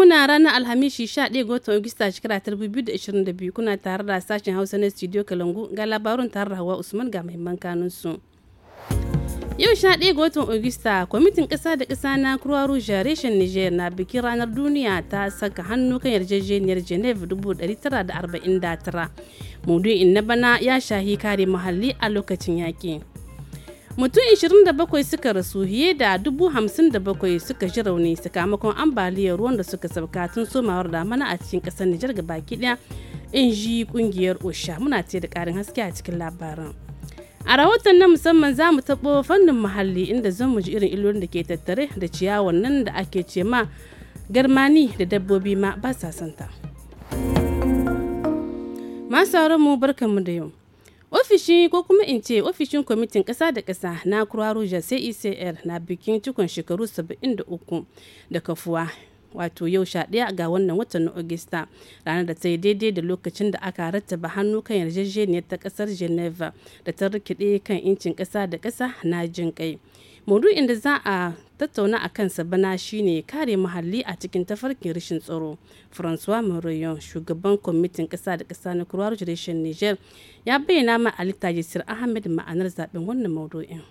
muna ranar alhamishi 11 ga watan Agusta shekara 2022 kuna tare da sashen Hausa na Studio Kalangu ga labarun tare da Hawa Usman ga mahimman kanun su. Yau 11 ga watan ogista kwamitin kasa da kasa na Kruwa Rouge reshen Niger na bikin ranar duniya ta saka hannu kan yarjejeniyar Geneva 1949. Maudu'in na bana ya shahi kare muhalli a lokacin yakin mutum 27 suka rasu fiye da 57 suka ji rauni sakamakon ambaliyar ruwan da suka sauka tun somawar damana a cikin kasar Nijar ga baki daya in ji kungiyar OSHA muna ce da karin haske a cikin labaran. A rahoton na musamman za mu taɓo fannin muhalli inda zan mu ji irin illolin da ke tattare da ciyawan nan da ake ce ma garmani da dabbobi ma ba sa santa. Masu mu barkanmu da yau. ofishi ko kuma in ce ofishin kwamitin ƙasa da ƙasa na kuraruja cecr na bikin cikon shekaru 73 da kafuwa wato yau sha ɗaya ga wannan watan na augusta ranar da ta yi daidai da lokacin da aka rattaba hannu kan yarjejeniyar ta ƙasar geneva da ta rikide kan incin ƙasa da ƙasa na jin kai maudu'in da za a tattauna a kansa bana shine kare muhalli a cikin tafarkin rashin tsaro francois marion shugaban kwamitin ƙasa da ƙasa na kurwar jirishin niger ya bayyana ma alita tajisir ahmed ma'anar zaben wannan maudu'in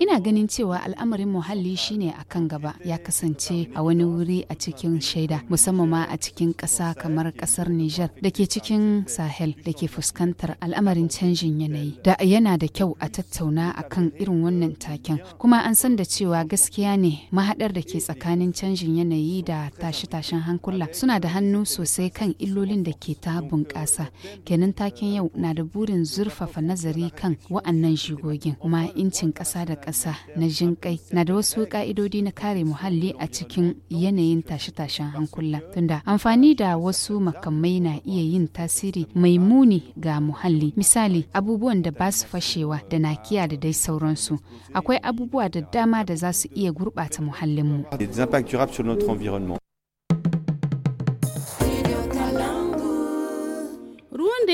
Ina ganin cewa al'amarin muhalli shine a kan gaba ya kasance a wani wuri a cikin shaida musamman ma a cikin ƙasa kamar ƙasar Nijar da ke cikin Sahel da ke fuskantar al'amarin canjin yanayi. Da yana da kyau a tattauna a kan irin wannan taken kuma an san da cewa gaskiya ne mahaɗar da ke tsakanin canjin yanayi da tashe-tashen hankula suna da hannu sosai kan illolin da ke ta bunƙasa. Kenan taken yau na da burin zurfafa nazari kan wa'annan shigo tagogin kuma incin ƙasa da ƙasa na jinƙai na da wasu ƙa'idodi na kare muhalli a cikin yanayin tashe-tashen hankula tunda amfani da wasu makamai na iya yin tasiri mai muni ga muhalli misali abubuwan da ba su fashewa da na kiya da dai sauransu akwai abubuwa da dama da za su iya gurɓata muhallinmu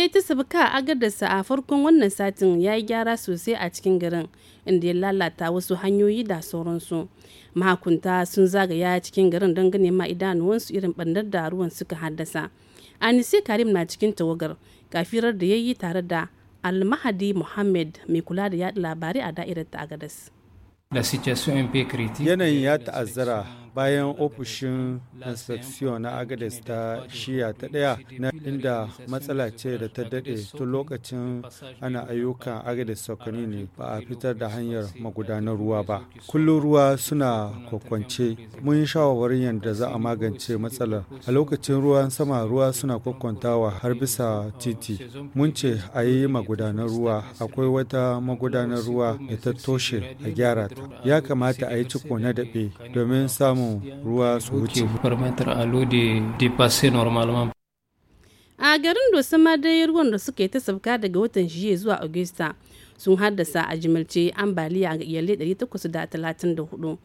yi ta sabuka a agadarsa a farkon wannan satin ya yi gyara sosai a cikin garin inda ya lalata wasu hanyoyi da sauransu mahakunta sun zagaya cikin garin don gane ma idanuwansu irin bandar da ruwan suka haddasa anise karim na cikin tawagar kafirar da ya yi tare da almahadi muhammad mai kula da yaɗa labarai a da'irar ta yanayin ya ta'azzara bayan ofishin inspection na agades ta shiya ta daya na inda matsala ce da ta dade tun lokacin ana ayyukan agades sokani ne ba a fitar da hanyar magudanar ruwa ba kullum ruwa suna kwakwance mun yi shawarwarin yadda za a magance matsalar a lokacin ruwan sama ruwa suna kwakwantawa har bisa titi mun ce a yi magudanar ruwa akwai wata magudanar ruwa da ta toshe a gyara ta ya kamata a yi cikona na daɓe domin samun ruwa su wuce a garin dosa ma dai ruwan da suke ta sabka daga watan jiya zuwa augusta sun haddasa a jimilce ambaliya ga iyalai 834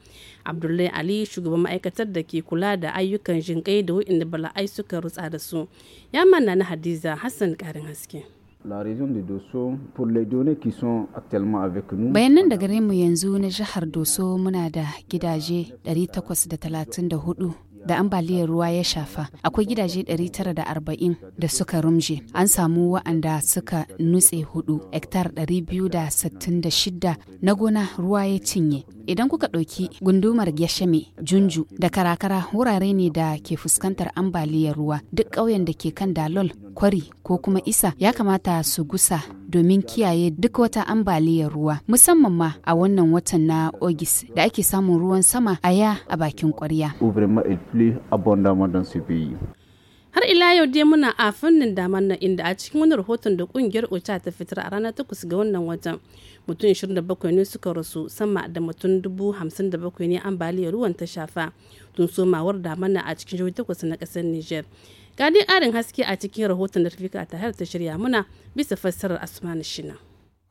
abdullahi ali shugaban ma'aikatar da ke kula da ayyukan jinkai da wa'inda bala'ai suka rutsa da su ya manna na hadiza hassan karin haske bayanan da gare mu yanzu na jihar doso muna da gidaje 834 da ambaliyar ruwa ya shafa akwai gidaje 940 da suka rumje an samu wa'anda suka nutse hudu hektar 266 na gona ruwa ya cinye idan kuka ɗauki gundumar Gyashame, Junju da Karakara wurare ne da ke fuskantar ambaliyar ruwa duk ƙauyen da ke kan Dalol, Kwari ko kuma Isa ya kamata su gusa domin kiyaye duk wata ambaliyar ruwa musamman ma a wannan watan na Ogis da ake samun ruwan sama a ya a bakin ƙwarya. har ila yau dai muna a fannin damar nan inda a cikin wani rahoton da kungiyar ocha ta fitar a ranar takwas ga wannan watan mutum 27 ne suka rasu sama da mutum 57 ne ambaliyar ruwan ta shafa tun somawar damar nan a cikin jihohi takwas na kasar niger ga dai ƙarin haske a cikin rahoton da ta rafika ta har ta shirya muna bisa fassarar asmanu shina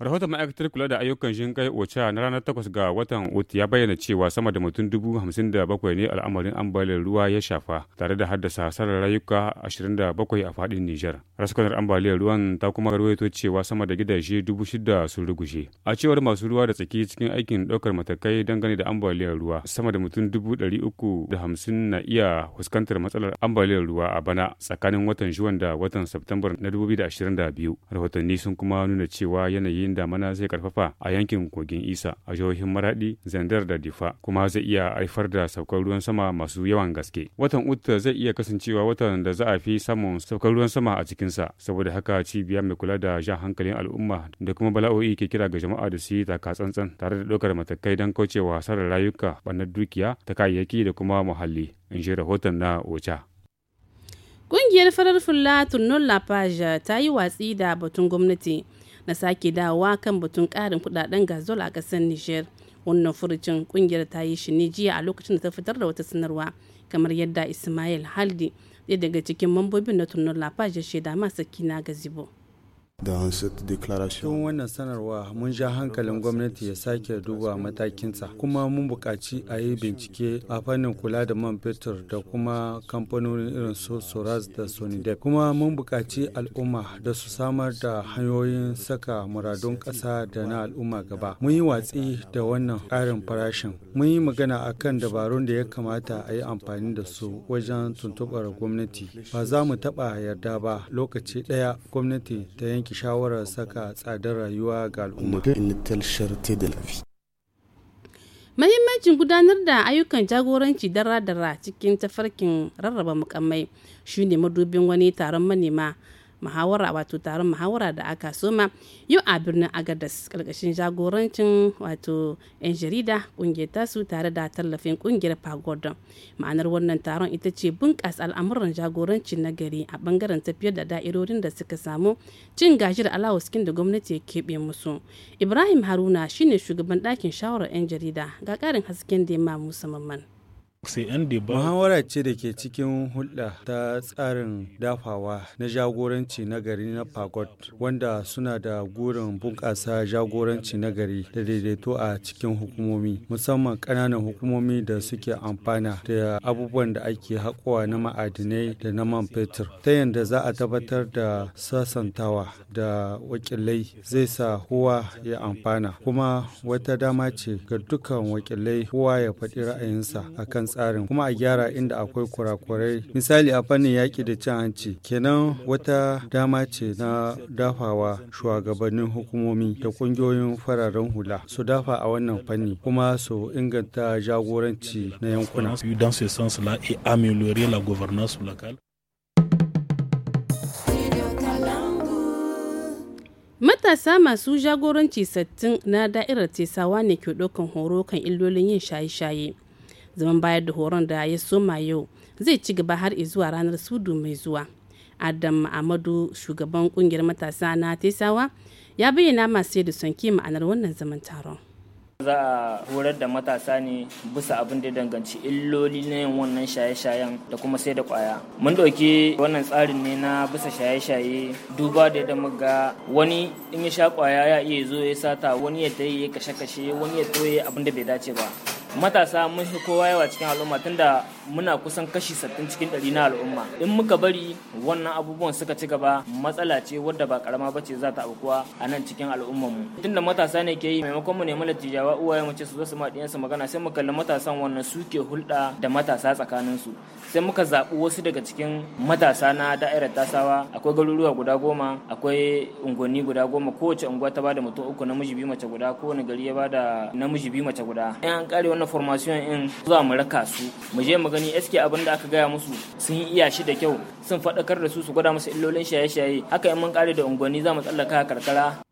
rahoton ma'aikatar kula da ayyukan shinkai ocha na ranar takwas ga watan ot ya bayyana cewa sama da mutum dubu hamsin da bakwai ne al'amarin ambaliyar ruwa ya shafa tare da haddasa hasarar rayuka ashirin da bakwai a fadin nijar raskanar ambaliyar ruwan ta kuma rawaito cewa sama da gidaje dubu shida sun rugushe a cewar masu ruwa da tsaki cikin aikin ɗaukar matakai dangane da ambaliyar ruwa sama da mutum dubu ɗari uku da hamsin na iya fuskantar matsalar ambaliyar ruwa a bana tsakanin watan juwan da watan september na dubu da ashirin da biyu rahotanni sun kuma nuna cewa yanayi da mana zai karfafa a yankin kogin isa a jihohin maradi zandar da difa kuma zai iya haifar da saukar ruwan sama masu yawan gaske watan uta zai iya kasancewa watan da za a fi samun saukar ruwan sama a cikinsa saboda haka cibiya mai kula da jan hankalin al'umma da kuma bala'o'i ke kira ga jama'a da su yi taka tsantsan tare da ɗaukar matakai don kaucewa hasarar rayuka ɓannar dukiya ta kayayyaki da kuma muhalli in ji rahoton na oca Ƙungiyar farar fulla la Lafage ta yi watsi da batun gwamnati na sake dawowa kan batun ƙarin kudaden gazol a ƙasar niger wannan furucin kungiyar ta yi shi ne jiya a lokacin da ta fitar da wata sanarwa kamar yadda ismail haldi ɗaya daga cikin mambobin na tunan lafaj ya shaida masa kina gazibo don wannan sanarwa mun ja hankalin gwamnati ya sake duba matakinsa kuma mun buƙaci a yi bincike a fannin kula da man fetur da kuma kamfanonin irin su da sonidep kuma mun bukaci al'umma da su samar da hanyoyin saka muradun ƙasa da na al'umma gaba mun yi watsi da wannan ƙarin farashin mun yi magana a kan dabarun da ya kamata a yi amfani da su wajen tuntuɓar gwamnati ba za mu taɓa yarda ba lokaci ɗaya gwamnati ta yanke yanke shawarar saka tsadar rayuwa ga al'umma. Mahimmancin gudanar da ayyukan jagoranci dara-dara cikin tafarkin rarraba mukammai shi ne madubin wani taron manema muhawara wato taron muhawara da aka soma yau a birnin agadas karkashin jagorancin wato 'yan jarida kungiyar tasu tare da tallafin kungiyar pagodon ma'anar wannan taron ita ce bunƙasa al'amuran jagoranci na gari a bangaren tafiyar da da'irorin da suka samu cin gajiyar alawaskin da gwamnati ya keɓe musu ibrahim haruna shine shugaban ɗakin shawarar 'yan jarida ga ƙarin hasken da ya ma musamman Muhawara ce da ke cikin hulɗa ta tsarin dafawa na jagoranci nagari na Pagod, wanda suna da gurin bunƙasa jagoranci nagari da daidaito a cikin hukumomi, musamman ƙananan hukumomi da suke amfana da abubuwan da ake haƙowa na ma'adinai da na man fetur. Ta yadda za a tabbatar da sasantawa da wakilai zai sa huwa ya amfana, kuma wata dama ce ga dukkan wakilai huwa ya faɗi ra'ayinsa akan tsarin kuma a gyara inda akwai kurakurai misali a fannin yaƙi da cin hanci kenan wata dama ce na dafawa shugabannin hukumomi da ƙungiyoyin fararen hula su dafa a wannan fanni kuma su inganta jagoranci na yankuna. Matasa masu jagoranci sattin na da'irar tesawa ne ke ɗaukan horo kan illolin yin shaye-shaye. zaman bayar da horon da ya soma yau zai ci gaba har zuwa ranar sudu mai zuwa adam amadu shugaban kungiyar matasa na tesawa ya bayyana masu da son ma'anar wannan zaman taron za a horar da matasa ne bisa abin da ya danganci illoli na yin wannan shaye-shayen da kuma sai da kwaya mun ɗauki wannan tsarin ne na bisa shaye-shaye duba da yadda muga wani in ya sha kwaya ya iya zo ya sata wani ya tayi ya kashe-kashe wani ya toye abin da bai dace ba matasa mun shi kowa yawa cikin al'umma tunda muna kusan kashi sattin cikin ɗari na al'umma in muka bari wannan abubuwan suka ci gaba matsala ce wadda ba karama ba ce za ta aukuwa a nan cikin al'ummar mu da matasa ne ke yi maimakon mu nemi lattijawa uwaye mu ce su zo su ma magana sai mu kalli matasan wannan suke hulɗa da matasa tsakanin su sai muka zaɓi wasu daga cikin matasa na da'irar tasawa akwai garuruwa guda goma akwai unguwanni guda goma kowace unguwa ta bada mutum uku namiji biyu mace guda kowane gari ya bada namiji biyu mace guda in an kare wannan formation in zuwa mu raka su mu je mu gani eske abin da aka gaya musu sun iya shi da kyau sun faɗakar da su su gwada musu illolin shaye-shaye haka in mun kare da unguwanni za mu tsallaka karkara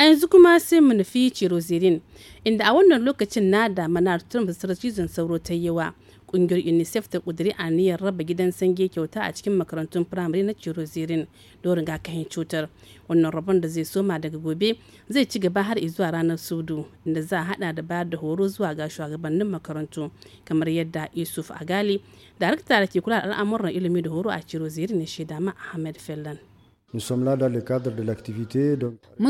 a yanzu kuma sai mu nufi cirozirin inda a wannan lokacin na damanar trump cizon sauro ta yawa kungiyar unicef ta kudiri aniyar raba gidan sange kyauta a cikin makarantun firamare na cirozirin don rigakafin cutar wannan rabon da zai soma daga gobe zai ci gaba har zuwa ranar sudu inda za a hada da bayar da horo zuwa ga shugabannin makarantu kamar yadda yusuf agali darakta da ke kula da al'amuran ilimi da horo a cirozirin ya shaida ma ahmed fellan Mun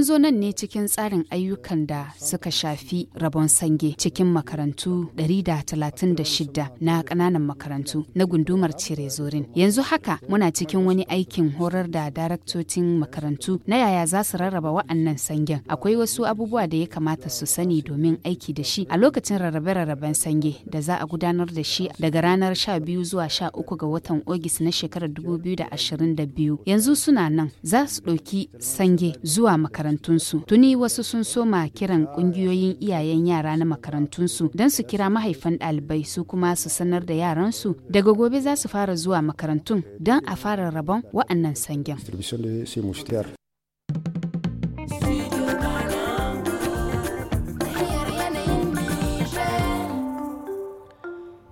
zo nan ne cikin tsarin ayyukan da suka shafi rabon sange cikin makarantu 136 na ƙananan makarantu na gundumar cire zorin Yanzu haka muna cikin wani aikin horar da daraktocin makarantu na yaya za su rarraba wa'annan sangen. Akwai wasu abubuwa da ya kamata su sani domin aiki da shi a lokacin rarrabe-rarraben sange da za a gudanar da shi daga ranar 12 zuwa 13 ga watan Ogis na shekarar 2022. Yanzu suna nan zasu za su ɗauki sange zuwa makarantunsu. Tuni wasu sun soma kiran ƙungiyoyin iyayen yara na makarantunsu don su kira mahaifan ɗalibai su kuma su sanar da yaransu daga gobe za su fara zuwa makarantun don a fara rabon wa'annan sangen.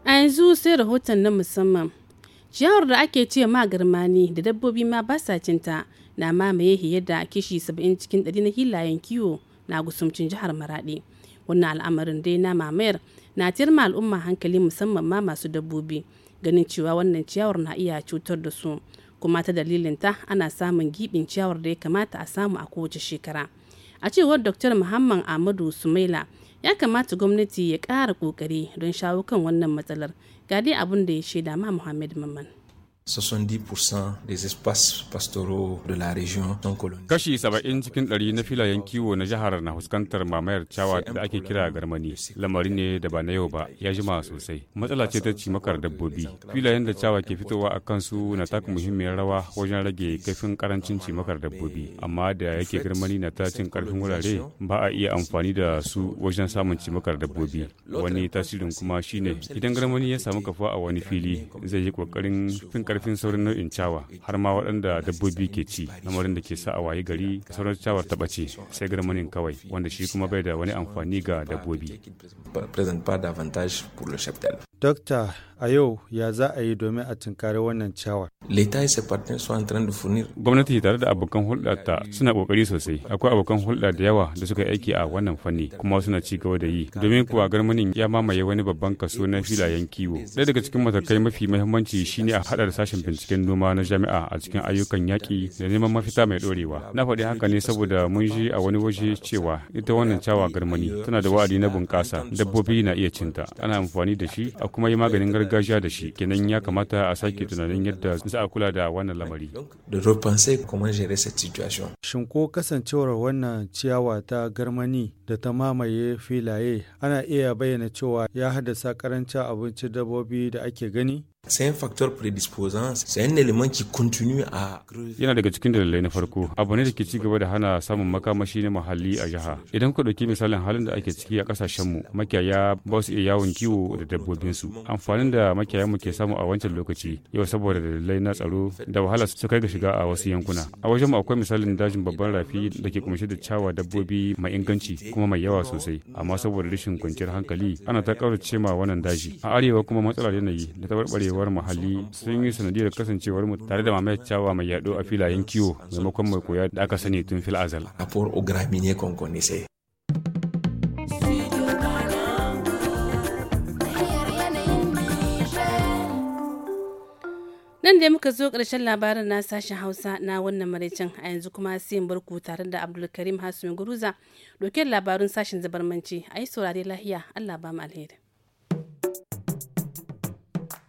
A yanzu sai rahoton na musamman. ciyawar da ake ce ma garmani da dabbobi ma ba sa cinta na mamaye fiye da kishi 70 cikin 100 na hilayen kiwo na gusumcin jihar maradi wannan al'amarin dai na mamayar na ma al'umma hankali musamman ma masu dabbobi ganin cewa wannan ciyawar na iya cutar da su kuma ta dalilin ta ana samun gibin ciyawar da ya kamata a samu a kowace shekara a cewar dr muhammad ahmadu sumaila ya kamata gwamnati ya ƙara ƙoƙari don shawo kan wannan matsalar ga dai abin da ya shaida ma Muhammad Mamman. 70% des espaces pastoraux de la région sont colonisés. Kashi saba'in cikin ɗari na filayen kiwo na jihar na fuskantar mamayar ciyawa da ake kira garmani. Lamari ne da ba na yau ba, ya jima sosai. Matsala ce ta cimakar dabbobi. Filayen da ciyawa ke fitowa a kansu na taka muhimmiyar rawa wajen rage kaifin karancin cimakar dabbobi. Amma da yake garmani na tacin karfin wurare, ba a iya amfani da su wajen samun cimakar dabbobi. Wani tasirin kuma shine idan garmani ya samu kafa a wani fili, zai yi kokarin fin karfin saurin nau'in cawa har ma waɗanda dabbobi ke ci lamarin da ke sa a waye gari sauran cawar ta ɓace sai garmanin kawai wanda shi kuma bai da wani amfani ga dabbobi. Dokta, a yau ya za a yi domin a tunkari wannan cawar? Gwamnati tare da abokan hulɗa ta suna ƙoƙari sosai. Akwai abokan hulɗa da yawa da suka aiki a wannan fanni kuma suna ci gaba da yi. Domin kuwa garmanin ya mamaye wani babban kaso na filayen kiwo. Ɗaya daga cikin matakai mafi muhimmanci shine a haɗa da sashen binciken noma na jami'a a cikin ayyukan yaƙi da neman mafita mai ɗorewa. Na faɗi haka ne saboda mun ji a wani waje cewa ita wannan cawa garmani tana da wa'adi na bunƙasa dabbobi na iya cinta ana amfani da shi a kuma yi maganin gargajiya da shi kenan ya kamata a sake tunanin yadda za a kula da wannan lamari. Shin ko kasancewar wannan ciyawa ta garmani da ta mamaye filaye ana iya bayyana cewa ya haddasa karancin abincin dabbobi da ake gani? C'est un facteur prédisposant. c'est un élément qui continue à Yana daga cikin dalilai na farko, abu ne da ke ci gaba da hana samun makamashi na muhalli a jiha. Idan ku ɗauki misalin halin da ake ciki a ƙasashen mu, makiyaya ba su iya yawon kiwo da dabbobinsu. su. Amfanin da makiyayan mu ke samu a wancan lokaci, yau saboda dalilai na tsaro da wahala su kai ga shiga a wasu yankuna. A wajen mu akwai misalin dajin babban rafi da ke kumshe da cawa dabbobi mai inganci kuma mai yawa sosai, amma saboda rashin kwanciyar hankali ana ta ƙaurace ma wannan daji. A arewa kuma matsalar yanayi da taɓarɓarewa war muhalli sun yi sanadiyar kasancewar mu tare da mamayar mai yaɗu a filayen kiwo maimakon mai koya da aka sani tun fil azal. nan da muka zo ƙarshen labarin na sashen hausa na wannan maraicin a yanzu kuma sai barku tare da abdulkarim hasumi guruza dokin labarun sashen zabarmanci a yi saurare lahiya allah ba mu alheri